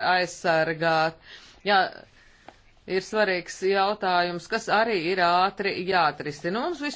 aizsargāt. Jā, ir svarīgs jautājums, kas arī ir ātri jāatrisina. Mums